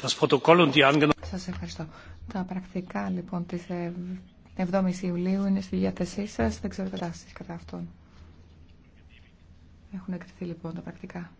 Σας ευχαριστώ. Τα πρακτικά λοιπόν της 7ης ε, Ιουλίου είναι στη διάθεσή σας. Δεν ξέρω κατά αυτόν. Έχουν εκριθεί λοιπόν τα πρακτικά.